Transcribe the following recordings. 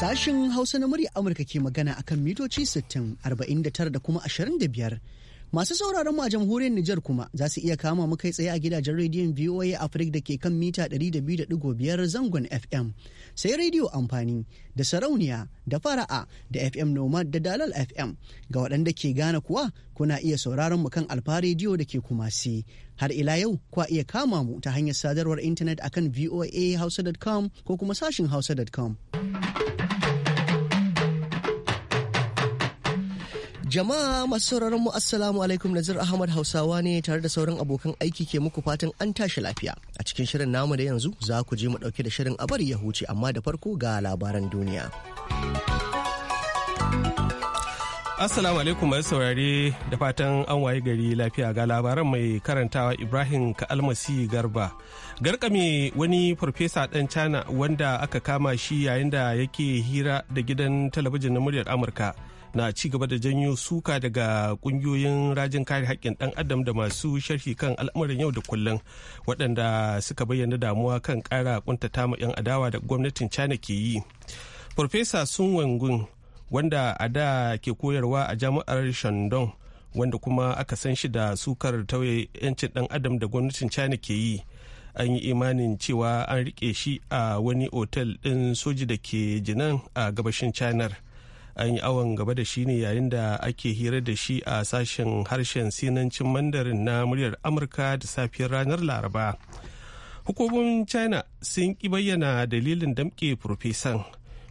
Sashen Hausa na murya Amurka ke magana akan mitoci 60, 49 da kuma 25. Masu sauraron mu a jamhuriyar Nijar kuma za su iya kama mu kai tsaye a gidajen rediyon VOA Africa da ke kan mita 200.5 zangon FM. Sai rediyo amfani da sarauniya da fara'a da FM Nomad da Dalal FM. Ga waɗanda ke gane kuwa kuna iya sauraron mu kan alfa rediyo da ke si. Har ila yau kwa iya kama mu ta hanyar sadarwar intanet akan voahausa.com ko kuma sashin hausa.com. Jama'a masu sauraron mu assalamu alaikum Nazir Ahmad Hausawa ne tare da sauran abokan aiki ke muku fatan an tashi lafiya. A cikin shirin namu da yanzu za ku je mu dauke da shirin abar ya huce amma da farko ga labaran duniya. Assalamu alaikum mai saurare da fatan an waye gari lafiya ga labaran mai karantawa Ibrahim kalmasi Garba. Garkame wani farfesa ɗan China wanda aka kama shi yayin da yake hira da gidan talabijin na muryar Amurka na ci gaba da janyo suka daga kungiyoyin rajin kare haƙƙin ɗan adam da masu sharhi kan al'amuran yau da kullum waɗanda suka bayyana damuwa kan ƙara kuntata ma 'yan adawa da gwamnatin china ke yi farfesa sun wangun wanda a da ke koyarwa a jami'ar shandong wanda kuma aka san shi da sukar tauye 'yancin dan adam da gwamnatin china ke yi an yi imanin cewa an rike shi a wani otel ɗin soji da ke jinan a gabashin china an yi awon gaba da shi ne yayin da ake hira da shi a sashen harshen sinancin mandarin na muryar amurka da safiyar ranar laraba hukumomin china sun ki bayyana dalilin damke profesan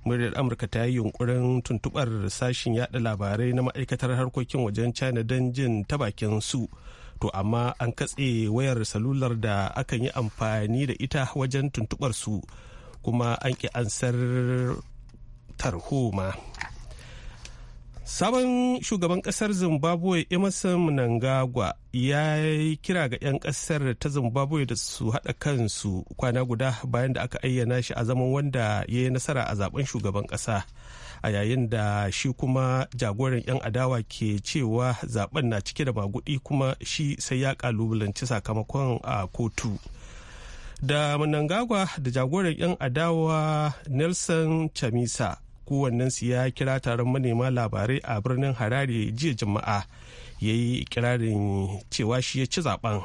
muryar amurka ta yi yunkurin tuntubar sashen yada labarai na ma'aikatar harkokin wajen china don jin ta bakin su to amma an katse wayar salular da akan yi amfani da ita wajen tuntubar su kuma an ki ansar tarhoma. Sabon shugaban kasar Zimbabwe Emerson Mnangagwa ya yi kira ga 'yan kasar ta Zimbabwe da su haɗa kansu kwana guda bayan da aka ayyana shi a zaman wanda ya yi nasara a zaben shugaban ƙasa. A yayin da shi kuma jagoran 'yan adawa ke cewa zaben na cike da magudi kuma shi sai ya kalubalanci sakamakon a kotu. Da Mnangagwa da jagoran 'yan adawa Nelson Chamisa su ya kira taron manema labarai a birnin harare jiya juma'a ya yi ikirarin cewa shi ya ci zaben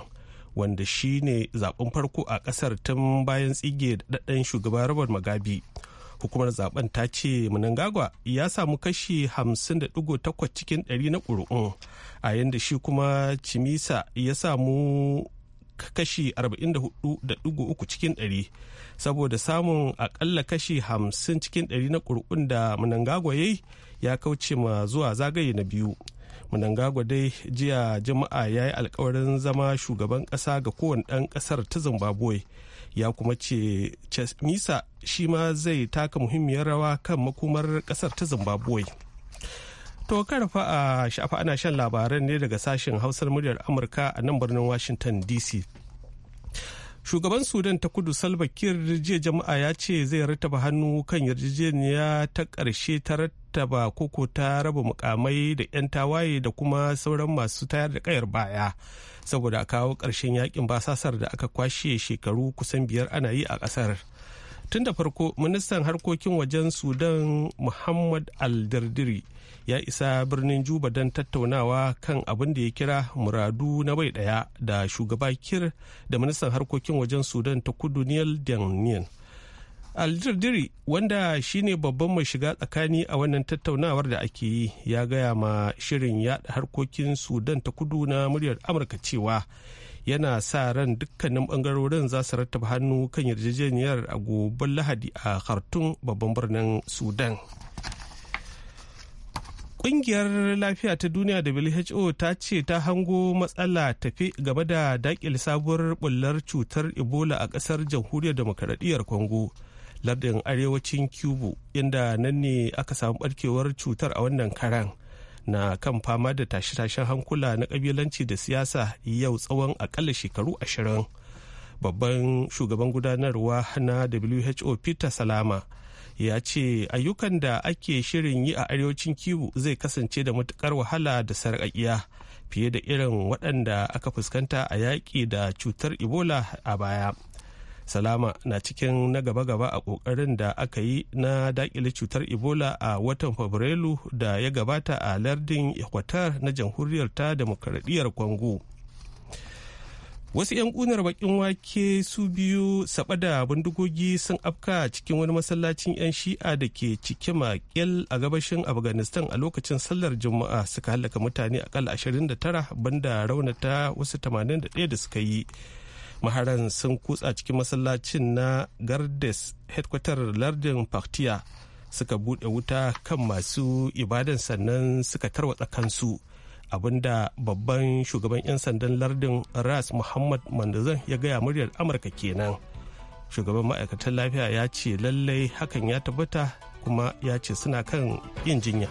wanda shi ne zaben farko a kasar tun bayan tsige daɗaɗɗen shugaba robert mugabe hukumar zaben ta ce munangagwa ya samu kashi 50.8 cikin 100 na ƙuri'un a yadda shi kuma chimisa ya samu kashi 44.3 cikin 100 saboda samun akalla kashi 50 cikin 100 na kurkun da Mnangagwa ya yi ya kauce ma zuwa zagaye na biyu. Mnangagwa dai jiya jama'a ya yi alkawarin zama shugaban kasa ga kowane ɗan ƙasar ta Zimbabwe. Ya kuma ce Misa shi ma zai taka muhimmiyar rawa kan makomar ƙasar ta Zimbabwe. To karfa a shafa ana shan labaran ne daga sashen hausar muryar Amurka a nan birnin Washington DC. Shugaban Sudan ta kudu Salva Kiir jiya jama'a ya ce zai rattaba hannu kan yarjejeniya ta ƙarshe ta rattaba koko ta raba mukamai da 'yan tawaye da kuma sauran masu tayar da kayar baya saboda kawo ƙarshen yakin basasar da aka kwashe shekaru kusan biyar ana yi a ƙasar. tun da farko ministan harkokin wajen sudan muhammad aldirdiri ya isa birnin juba don tattaunawa kan abin da ya kira muradu na bai daya da shugaba kir da ministan harkokin wajen sudan ta kudu niyal daniel aldardiri wanda shine babban mai shiga tsakani a wannan tattaunawar da ake yi ya gaya ma shirin yada harkokin sudan ta kudu na muryar amurka cewa yana sa ran dukkanin bangarorin za su rattaba hannu kan yarjejeniyar a goban lahadi a khartoum babban birnin sudan Ƙungiyar lafiya ta duniya da WHO ta ce ta hango matsala tafi game da daƙil sabuwar bullar cutar Ebola a ƙasar jamhuriyar demokaradiyyar Congo, lardin arewacin Cuba, inda nan ne aka samu ɓarkewar cutar a wannan karan. na kan fama da tashe-tashen hankula na kabilanci da siyasa yau tsawon akalla shekaru ashirin babban shugaban gudanarwa na who peter salama ya ce ayyukan da ake shirin yi a arewacin kiwu zai kasance da matukar wahala da sarƙaƙiya fiye da irin waɗanda aka fuskanta a yaƙi da cutar ebola a baya salama na cikin na gaba-gaba a kokarin da aka yi na dakile cutar ebola a watan fabrairu da ya gabata a lardin ikwatar na jamhuriyar ta demokaradiyyar kwango wasu 'yan kunar bakin wake su biyu saba da bindigogi sun afka cikin wani masallacin 'yan shi'a da ke cike makil a gabashin afghanistan a lokacin sallar juma'a suka halaka mutane akalla 29 banda raunata wasu 81 da suka yi maharan sun kutsa cikin masallacin na gardes headquarter lardin faktiya suka buɗe wuta kan masu ibadan sannan suka tarwatsa kansu abinda babban shugaban 'yan sandan lardin ras muhammad mandazan ya gaya muryar amurka kenan shugaban ma'aikatan lafiya ya ce lallai hakan ya tabbata kuma ya ce suna kan yin jinya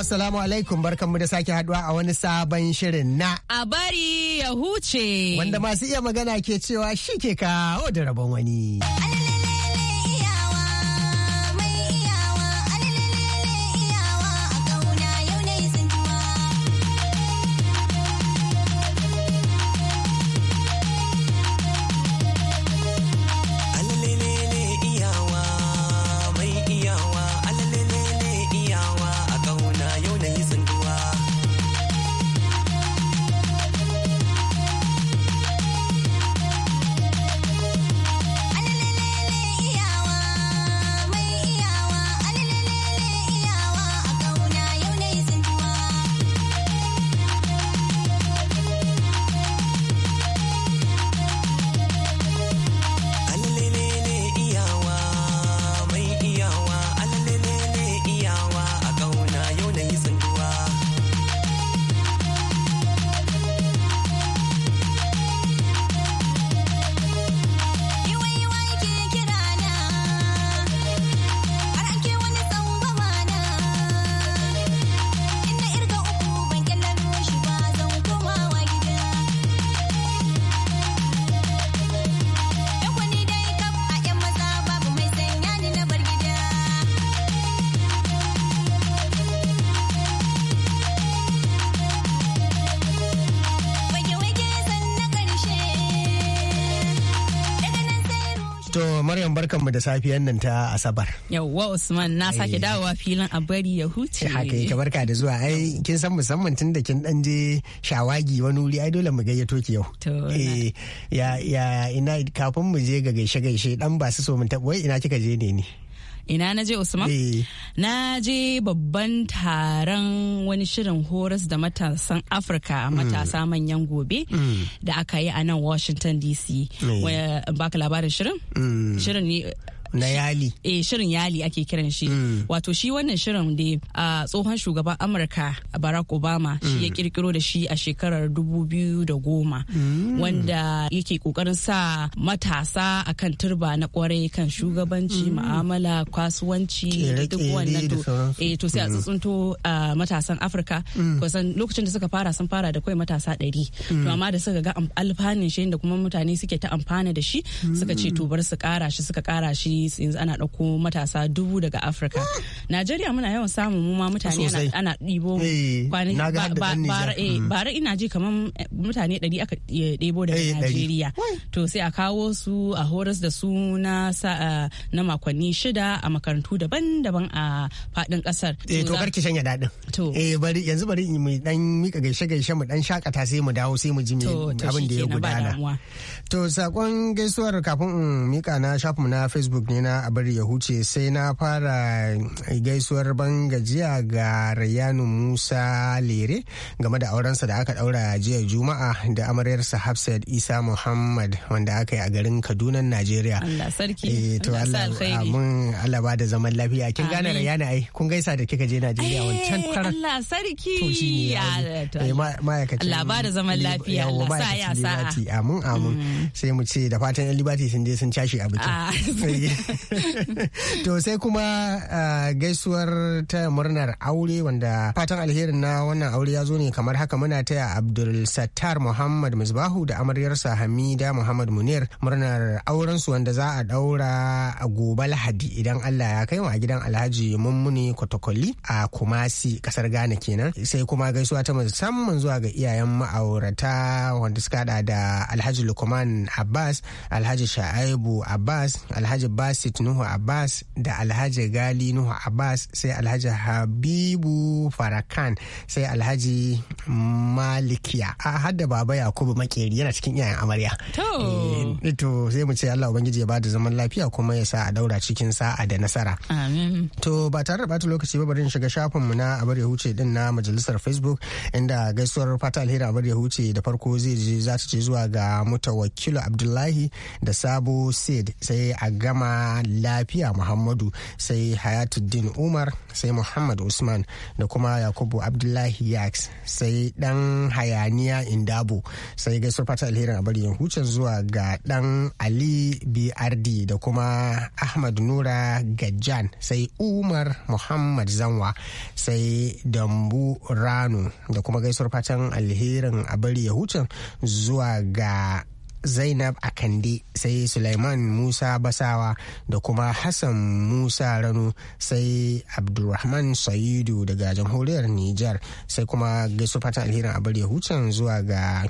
assalamu alaikum barkanmu da sake haduwa a wani sabon shirin na. A bari ya huce. Wanda masu iya magana ke cewa shi ke kawo da rabon wani. Maryam barkanmu da safiyan nan ta Asabar. Yawwa Usman na sake eh. dawowa filin a bari ya huce. Haka yake barka da zuwa ai kin san musamman tun da kin dan je shawagi wani wuri ai dole mu gayyato ki yau. Eh ya ya ina kafin mu je ga gaishe gaishe dan ba su so mun taɓa ina kika je ne ni. ina na je usman eh. na je babban taron wani shirin horas da matasan afirka mm. matasa manyan gobe mm. da aka yi a nan washington dc eh. baka labarin shirin mm. shirin ne na yali eh shirin yali ake kiran shi mm. wato shi wannan shirin da a tsohon shugaban amurka barack obama shi ya mm. kirkiro da shi a shekarar 2010 mm. wanda yake kokarin sa matasa akan turba na kwarai kan shugabanci mu'amala kasuwanci duk wannan to eh to sai a tsuntsunto matasan afirka kusan lokacin da suka fara sun fara da kawai matasa 100 to amma da suka ga alfanun shi da kuma mutane suke ta amfana da shi suka ce to bar su kara shi suka kara shi Chinese yanzu ana ɗauko matasa dubu daga africa najeriya muna yawan samun mu ma mutane ana ɗibo eh, eh, mm. bara ina ji kamar eh, mutane ɗari aka ɗebo daga najeriya to sai a kawo su a horas da su na makonni shida a makarantu daban-daban a faɗin ƙasar. to karki shanya daɗin eh bari yanzu bari mu dan mika gaishe-gaishe mu dan shakata sai mu dawo sai mu ji abin da ya gudana to sakon gaisuwar kafin in mika na shafin na facebook ne na a bari ya huce sai na fara gaisuwar ban gajiya ga Rayanu Musa Lere game da aurensa da aka daura jiya Juma'a da amaryarsa Hafsat Isa Muhammad wanda aka yi a garin Kaduna Najeriya. Allah sarki. Eh, to Allah Allah ba da zaman lafiya. Kin gane Rayana ai kun gaisa da kika je Najeriya eh, wancan karan. Allah sarki. To shi ne. Eh, ma'aikacin. Allah ba da zaman lafiya. Allah sa ya sa'a. Amin amin. Mm. Sai mu ce da fatan 'yan Liberty sun je sun cashe a bikin. Ah. to sai kuma gaisuwar ta murnar aure wanda fatan alherin na wannan aure ya zo ne kamar haka muna taya abdul sattar muhammad misbahu da amaryarsa hamida muhammad munir murnar aurensu wanda za a daura a gobe lahadi idan allah ya kai a gidan alhaji mummuni kotokoli a kumasi kasar ghana kenan sai kuma gaisuwa ta musamman zuwa ga iyayen ma'aurata wanda suka da alhaji lukman abbas alhaji shaibu abbas alhaji basit nuhu abbas da alhaji gali nuhu abbas sai alhaji habibu farakan sai alhaji malikiya a ah, hadda baba yakubu makeri yana cikin iyayen amarya to eh, sai mu ce allah ubangiji ya bada zaman lafiya kuma ya sa a daura cikin sa'a da nasara to ba tare da bata lokaci ba bari shiga shafin mu na abar Yahuce din na majalisar facebook inda gaisuwar fata alheri abar yahuce da farko zai je za ta ce zuwa ga mutawakkilu abdullahi da sabo sid sai a gama kuma lafiya muhammadu sai hayatuddin umar sai muhammad usman da kuma yakubu abdullahi yaks sai dan hayaniya indabo sai gaisuwar fata alherin a bari huce zuwa ga dan ali brd da kuma ahmad nura Gajan, sai umar muhammad zanwa sai dambu rano da kuma gaisuwar fatan alherin a bari ya zuwa ga zainab akande sai sulaiman musa basawa da kuma hassan musa ranu sai abdulrahman sayidu daga jamhuriyar niger sai kuma gaisu fatan alherin abar yahucan zuwa ga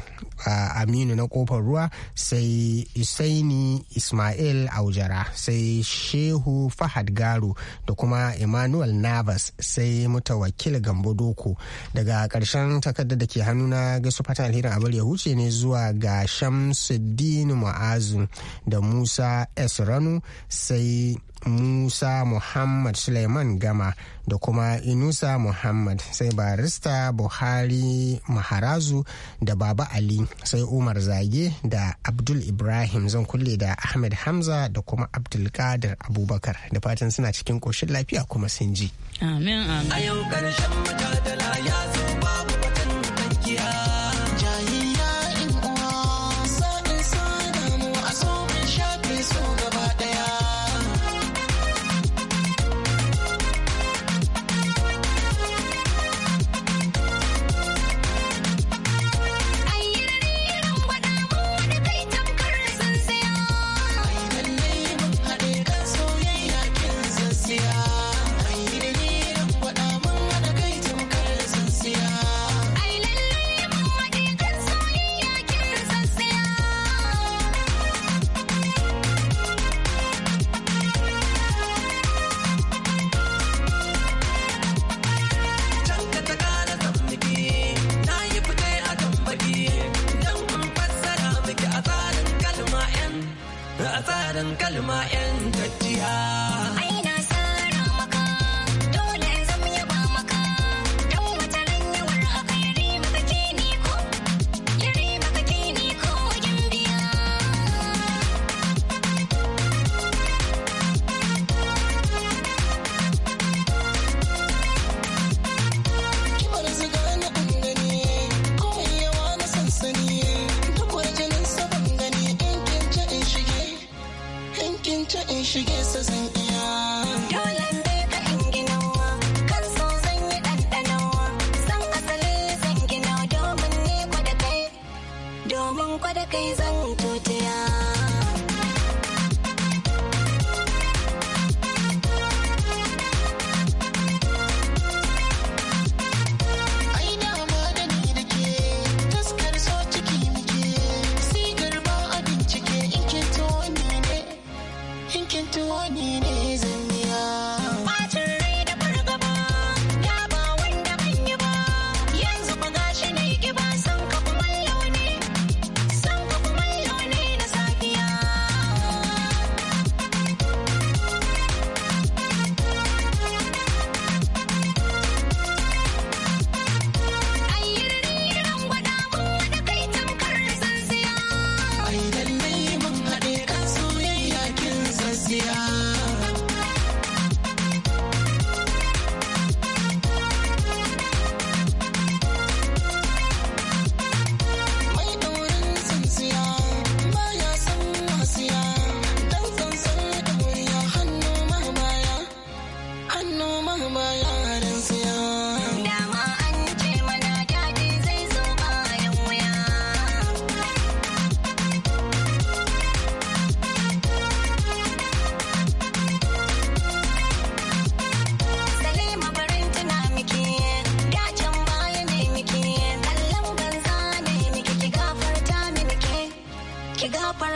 aminu na kofar ruwa sai isaini ismail aujara sai shehu fahad garo da kuma emmanuel navas sai mutawakil gambo doko daga ƙarshen takardar da ke hannu na gaisu fatan alherin abar yahuce ne zuwa ga shamsu shamsuddin ma'azu da musa s ranu sai musa muhammad suleiman gama da kuma inusa muhammad sai barista buhari maharazu da baba ali sai umar zage da abdul ibrahim zan kulle da ahmed hamza da kuma abdulkadir abubakar da fatan suna cikin koshin lafiya kuma sun ji amin amin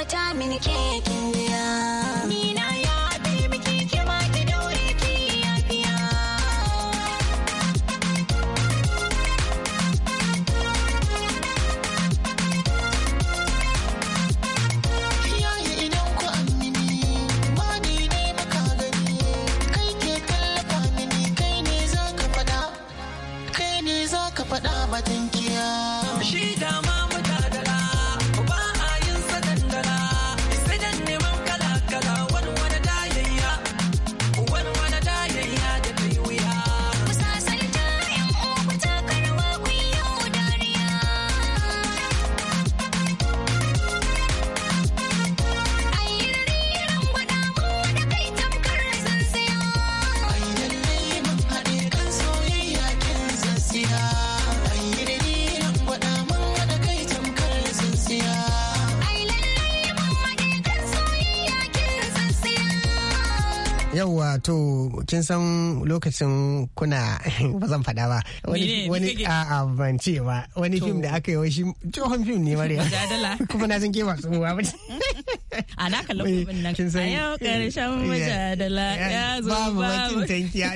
time and you can't get to kin san lokacin kuna ba zan faɗa ba wani a ban ce ba wani fim da aka yi wa shi tsohon fim ne mariya kuma na san ke masu tsohuwa ba a na kallon kuɓin nan a yau karshen mujadala ya zo ba babu tankiya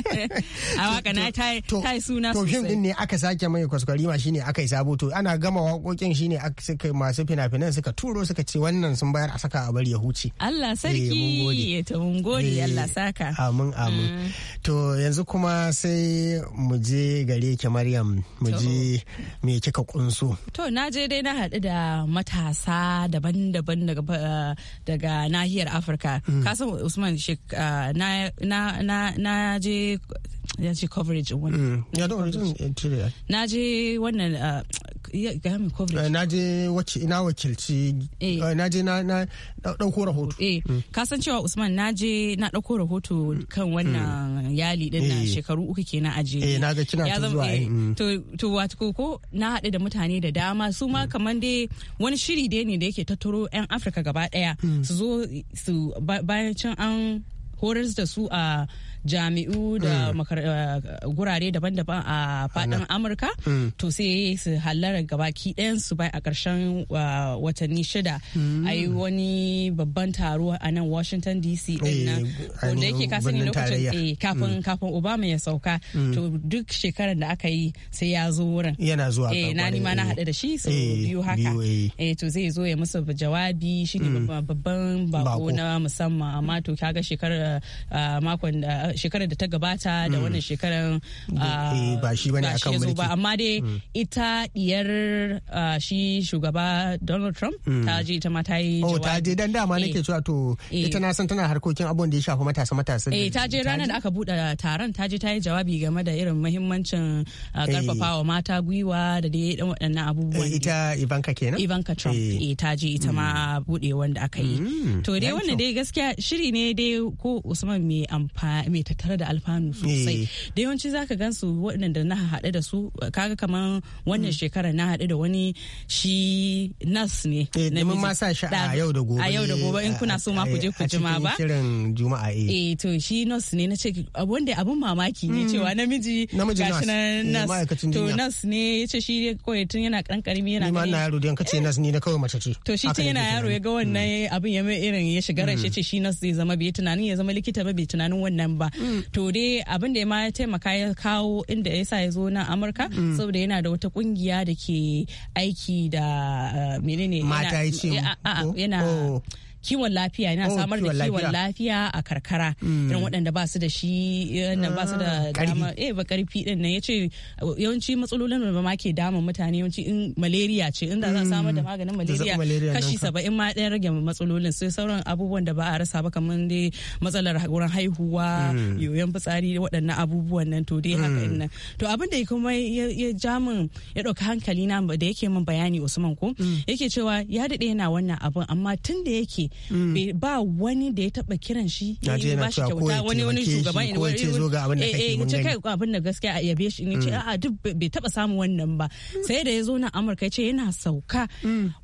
a waka na ta yi suna sosai to fim din ne aka sake mai kwaskwari ma shine aka yi sabo to ana gama waƙoƙin shine suka masu fina-finan suka turo suka ce wannan sun bayar a saka a bari ya huce Allah eh, sarki ya ta mun gode eh, eh, Allah saka amin amin mm. to yanzu kuma sai mu je gare ki Maryam mu je me kika kunso to na je dai na haɗu da matasa daban-daban daga Eh, daga nahiyar afirka mm. kasan usman eh, na je ya ce coverage mm. wani na je wannan eh, gamin coverage eh, na je wacce ina wakilci eh. Eh, na je na dauko rahoto eh mm. ka san cewa Usman na je na dauko rahoto kan mm. wannan yali din na shekaru uku kenan aje eh na ga kina ta zuwa mm. to to wato koko na haɗu da mutane da dama su ma kamar dai wani shiri dai ne da yake tattaro yan Afirka gaba daya su zo su bayan can an horar da su a jami'u da hmm. eh, gurare daban-daban a faɗin amurka hmm. to sai su hallara gabaki ɗayan su bai a karshen watanni shida hmm. a yi wani babban taro a nan washington dc ɗin wanda eh, yake kasani lokacin eh, kafin obama ya sauka to duk shekarar da aka yi sai ya zo wurin yana zuwa eh na nima na hada da shi su biyu haka to zai zo ya musu jawabi ne babban bako na musamman amma to kaga shekarar makon da shekarar da ta gabata da hmm. wannan shekarar eh, eh, ba shi bane akan mulki ba amma dai hmm. ita diyar uh, shi shugaba Donald Trump hmm. ta je ita ma ta yi jawabi. Oh ta je dan dama nake eh. cewa to ita na san tana harkokin abun da ya shafi matasa matasa. Eh ta je ranar da aka bude taron ta je ta yi jawabi game da irin muhimmancin karfafawa uh, mata gwiwa da dai dan waɗannan abubuwan. Ita Ivanka kenan? Ivanka Trump eh ta je ita ma bude wanda aka yi. To dai wannan dai gaskiya shiri ne dai ko Usman mai amfani ta tattare da alfanu sosai eh. da yawanci zaka gan su waɗanda na haɗu da su kaga kaman wannan mm. shekara na haɗu da wani shi nas ne na eh, mun ma sa shi a yau da gobe a yau da gobe in eh, kuna so ma ku je ku jima ba a cikin juma'a eh to shi nas ne na ce wanda abun mamaki ne mm. cewa namiji gashi na nas to nas ne yace shi kawai tun yana kan karimi yana ni ma na yaro dan kace nas ni na kawai mace ce to shi tun yana yaro ya ga wannan mm. abin ya mai irin ya shiga ran shi ce shi nas zai zama bai tunanin ya zama likita ba bai tunanin wannan ba to dai abin da ya ma ya taimaka ya kawo inda ya sa ya zo nan amurka mm. saboda yana da wata kungiya da ke aiki da uh, menene mata ya ce kiwon lafiya yana oh, samar da kiwon lafiya a karkara mm. irin waɗanda ba su da shi nan ba su da ah, dama eh ba karfi din nan yace yawanci matsalolin da ma ke damun mutane yawanci in malaria ce inda za mm. samar da maganin malaria kashi saba'in ma ɗaya rage matsalolin sai sauran abubuwan da ba a rasa ba kamar dai matsalar wurin haihuwa mm. yoyon fitsari waɗannan abubuwan nan to dai haka nan to abin da kuma ya ja min ya ɗauki hankali na da yake min bayani Usman ko yake cewa ya daɗe yana wannan abin amma tun da yake Mm. ba wani da ya taba kiran shi ya ba shi kyauta wani wani shugaban ne wani zo ga abin da kake eh, eh, mun gani eh abin da gaskiya a yabe shi ne ce mm. a'a duk bai taba samu wannan ba mm. sai da ya zo na Amurka ya ce yana sauka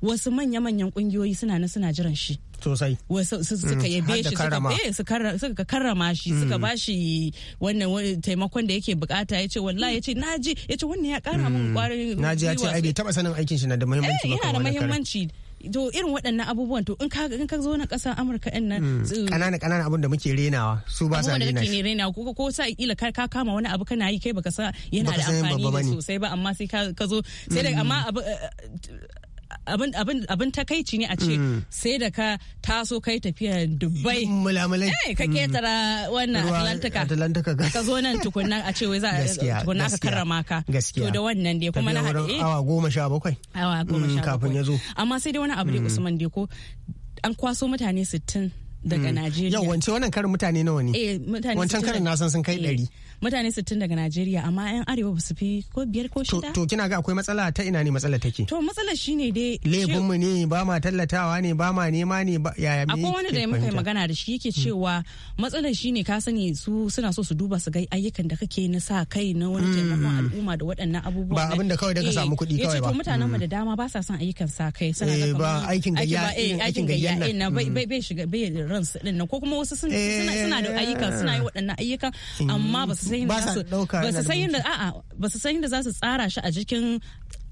wasu manya manyan kungiyoyi suna na suna jiran shi sosai wasu suka yabe shi suka karrama eh, shi suka ba shi wannan taimakon da yake bukata ya ce wallahi ya ce naji ya ce wannan ya kara min kwarin naji ya ce ai bai taba sanin aikin shi na da muhimmanci ba yana da muhimmanci to irin waɗannan abubuwan to in ka in ka zo na ƙasar Amurka ɗin nan kanana hmm. kanana abun da muke renawa su ba sa rena shi renawa ko ko sa ila ka ka kama wani abu kana yi kai baka sa yana da amfani sosai ba amma sai ka zo sai da hmm. amma eh, eh, abin takaici ne a ce mm. sai da ka taso kai tafiya dubai mulamulai eh ka ketara mm. wannan atlantika atlantika ka zo nan tukunna a ce wai za tukunna ka karrama ka to da wannan dai kuma na haɗe awa eh. goma sha bakwai awa goma sha mm, bakwai kafin ya zo amma sai dai wani abu dai usman dai ko an kwaso mutane sittin daga hmm. Najeriya. Yau wance wannan karin mutane nawa ne? Eh, wancan karin na san sun kai eh, ɗari. Mutane sittin daga Najeriya amma 'yan arewa ba su fi ko biyar ko shida. To kina ga akwai matsala ta ina ne matsala take? To matsala shine dai. Lebun mu ne ba ma tallatawa ne ba ma nema ne ba yaya me. Akwai wani da muka yi magana da shi yake hmm. cewa matsalar shine ka sani su suna so su duba su ga ayyukan da kake na sa kai na wani hmm. taimakon al'umma da waɗannan abubuwa. Ba abin da kawai da ka eh, samu kuɗi kawai ba. to mutanen mu da dama ba sa son ayyukan sa kai. Eh ba aikin gayya aikin gayya Bai shiga bai ransu din nan ko kuma wasu sun suna da ayyuka eh. suna yi waɗannan ayyuka amma ba su san yadda a'a ba su san yadda za su tsara shi a jikin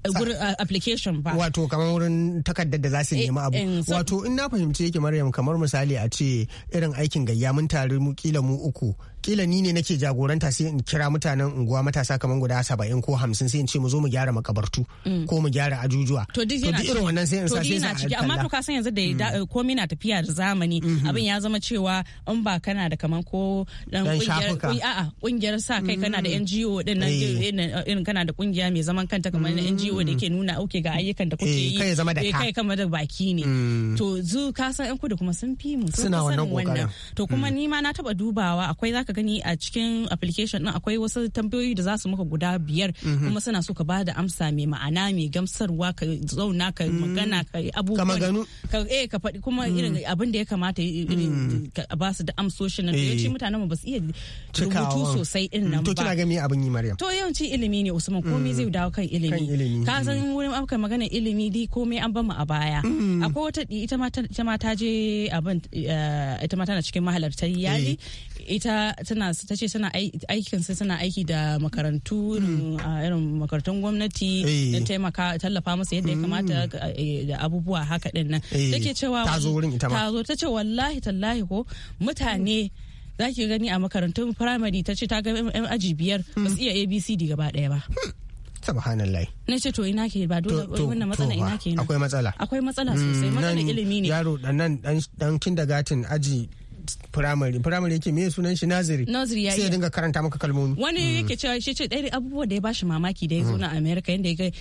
eh, gurin eh, application ba. Wato kamar wurin takardar da za su nemi abu. Wato in na fahimci yake Maryam kamar misali a ce irin aikin gayya mun tare mu kila mu uku kila ni ne nake jagoranta sai in kira mutanen unguwa matasa kamar guda saba'in ko hamsin sai in ce mu zo mu gyara makabartu mm. ko mu gyara ajujuwa to duk irin wannan sai in sa sai na ciki amma to ka san yanzu da mm. komai na tafiya da zamani mm-hmm. abin ya zama cewa in ba kana da kaman ko dan kungiyar a'a kungiyar sa kai kana da mm-hmm. NGO din nan eh. Eh, eh, irin kana da kungiya mai zaman kanta kamar na NGO da ke nuna auke ga ayyukan da kuke yi kai zama da ka kai kamar da baki ne mm. to zu ka san ku da kuma sun fi mu suna wannan kokarin to kuma ni ma na taba dubawa akwai zaka zaka gani a cikin application din akwai wasu tambayoyi da za su maka guda biyar mhm. kuma suna so ka ba da amsa mai ma'ana mai gamsarwa ka zauna ka mm. magana ka abubuwan ka eh ka faɗi kuma mm. irin abin da ya kamata irin mm. ka ba su da amsoshin nan eh. yawanci mutanen mu ba su iya rubutu sosai din nan ba to kina ga me abin yi Maryam to yawanci ilimi ne Usman komai zai dawo kan ilimi ka san wurin aka magana ilimi di komai an ba mu a baya akwai wata ita ma ta je abin eh, ita ma tana cikin mahalartar iyali eh. ita tana tace suna aikin su suna aiki da makarantu irin hmm. makarantun gwamnati eh. don taimaka tallafa musu yadda ya hmm. kamata eh, da abubuwa haka din nan eh. take cewa ta zo ta ce tace wallahi tallahi ko mutane za ki gani a makarantun firamare ta ce ta ga yan aji biyar ba su hmm. iya abcd gaba daya ba subhanallah na ce to ina ke ba dole wannan matsala ina ke akwai matsala akwai matsala sosai matsalar ilimi ne yaro dan dan kindergarten aji primary primary yake me sunan shi naziri naziri ya sai dinga karanta maka kalmomi wani yake cewa shi ce ɗaya abubuwa da ya bashi mamaki da ya zo mm. na america yanda ya ga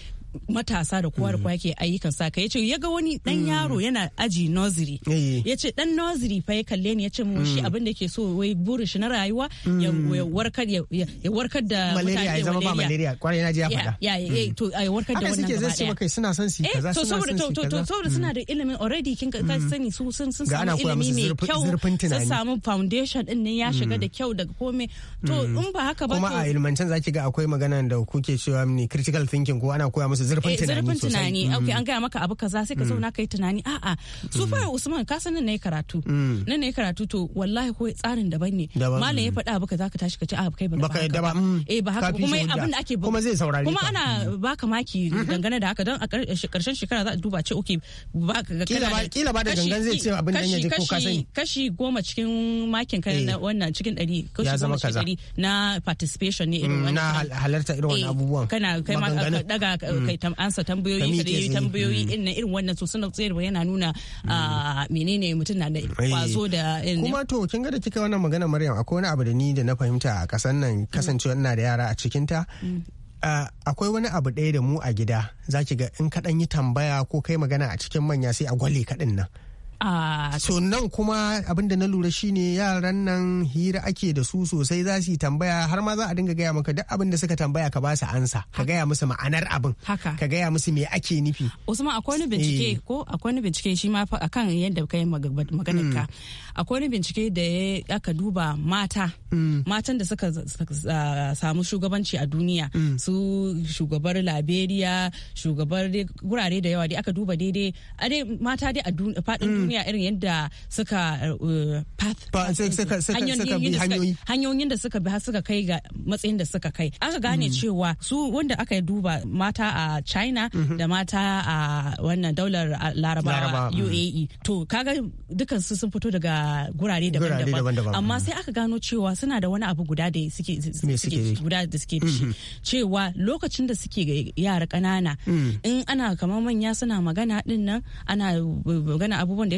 matasa da kowa da mm. kowa yake ayyukan sa ka yace yaga wani dan mm. yaro yana aji nursery eh. yace dan nursery fa ya kalle ni yace mun shi mm. abin da yake so wai burin shi na rayuwa ya warkar ya warkar da malaria ya zama ba malaria kwarai na ji ya faɗa ya to ai warkar da wannan gaba ɗaya haka suna son su eh, kaza suna san su to to saboda suna da ilimin already kin ka sani su sun sun samu ilimi mai kyau sun samu foundation din nan ya shiga da kyau daga komai to in ba haka ba kuma a ilmancen zaki ga akwai magana da kuke cewa ni critical thinking ko ana koya musu Eh, zurfin tunani zurfin tunani an mm. gaya maka abu kaza sai ka mm. zauna kai tunani a'a su mm. fara Usman ka san nan karatu nan nayi karatu to wallahi ko tsarin daban ne malam ya faɗa abu kaza ka tashi ka ce a'a kai ba ka yadda ba eh ba haka kuma abin da ake kuma zai saurare kuma ana baka maki dangane da haka don a karshen shekara za a duba ce okay ba ka kila ba da gangan zai ce abin da yaji ko ka sani kashi goma cikin makin ka na eh. wannan cikin ɗari kashi goma cikin ɗari na participation ne irin wannan na halarta irin wannan eh, abubuwan kana kai ma daga kai ansa tambayoyi da yi tambayoyi mm. in na irin wannan sosai suna tsayarwa yana nuna mm. ah, menene mutum na da kwazo da kuma to kin ga da kika wannan magana Maryam akwai wani abu da ni da na fahimta a kasan nan mm. kasancewa ina da yara a cikin ta Uh, ah, akwai wani abu ɗaya da mu a gida za ki ga in kaɗan yi tambaya ko kai magana a cikin manya sai a gwale kaɗin nan so nan kuma abinda na lura shine yaran nan hira ake da su sosai za su yi tambaya har ma za a dinga gaya maka duk abin da suka tambaya ka ba su ansa ka gaya musu ma'anar abin ka gaya musu me ake nufi usman akwai wani bincike eh. ko akwai wani bincike shi ma akan yadda kai maganar ka mm. akwai wani bincike da aka duba mata mm. matan da suka ah, samu shugabanci a duniya mm. su shugabar liberia shugabar gurare da yawa dai aka duba daidai mata dai a faɗin duniya irin yadda suka uh, path hanyoyin da suka bi suka kai ga matsayin da suka kai aka gane mm. cewa su wanda aka duba mata a China mm-hmm. da mata a wannan daular uh, Larabawa mm-hmm. UAE to kaga dukan su sun fito daga gurare daban-daban amma sai aka gano cewa suna da wani abu guda da suke guda da suke mm-hmm. cewa lokacin da suke yara ƙanana mm. in ana kamar manya suna magana din nan ana uh, magana abubuwan da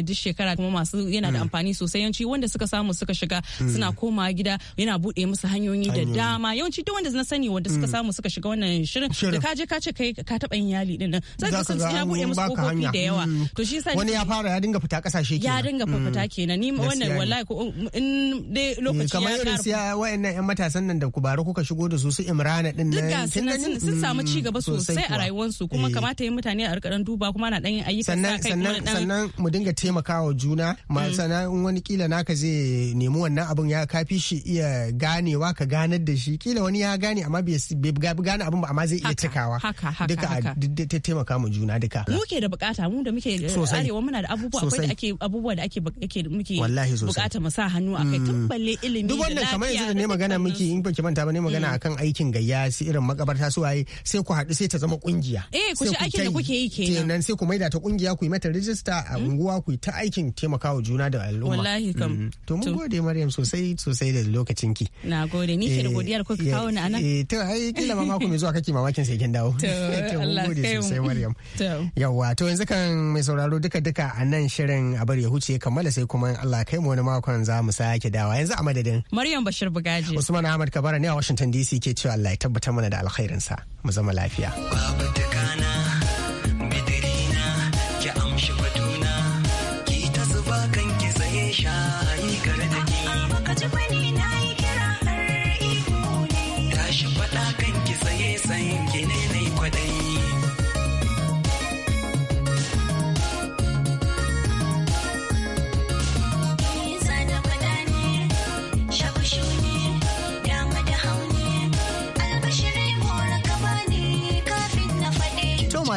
ne duk shekara kuma masu yana da mm. amfani sosai yawanci wanda suka samu suka shiga mm. suna koma gida yana bude musu hanyoyi da dama yawanci duk wanda na sani wanda suka mm. samu suka shiga wannan shirin da ka je ka ce kai ka taɓa yin yali din nan sai ka san ya bude musu kofofi da yawa to shi yasa wani ya fara ya dinga fita kasashe kenan ya dinga fita kenan ni wannan wallahi in dai eh, lokaci ya kamar irin siya wayannan yan matasan nan da kubaru kuka shigo da su su imrana din nan sun samu ci gaba sosai a rayuwarsu kuma eh. kamata yin mutane a rika dan duba kuma na dan yin ayyuka sannan sannan mu dinga taimakawa juna masana mm. in wani kila naka zai nemi wannan abin ya kafi shi iya ganewa ka ganar da shi kila wani ya gane amma bai gane abin ba amma zai iya cikawa duka ta taimaka mu juna duka mu ke da bukata mu da muke eh, arewa muna da abubuwa akwai da ake abubuwa da ake muke bukata mu sa hannu a kai mm. balle ilimi duk wannan kamar yanzu da ne magana miki in ba ki manta ba ne magana mm. akan aikin gayya su irin makabarta su waye sai ku haɗu sai ta zama kungiya eh ku shi aikin da kuke yi kenan sai ku maida ta kungiya ku yi mata register a unguwa ku ta aikin taimakawa juna da al'umma wallahi kam mm. to mun gode maryam sosai sosai da lokacin ki na gode ni ke da eh, godiyar ko ka kawo ni anan eh to ai kila mama ku mai zuwa kake mamakin sai kin dawo to Allah gode sosai maryam yawa to yanzu kan mai sauraro duka duka a nan shirin a bari ya huce kammala sai kuma Allah kai mu wani makon za mu sake dawa yanzu a madadin maryam bashir bugaji usman ahmad kabara ne a washington dc ke cewa Allah ya tabbatar mana da alkhairinsa mu zama lafiya babu tukana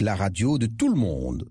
la radio de tout le monde.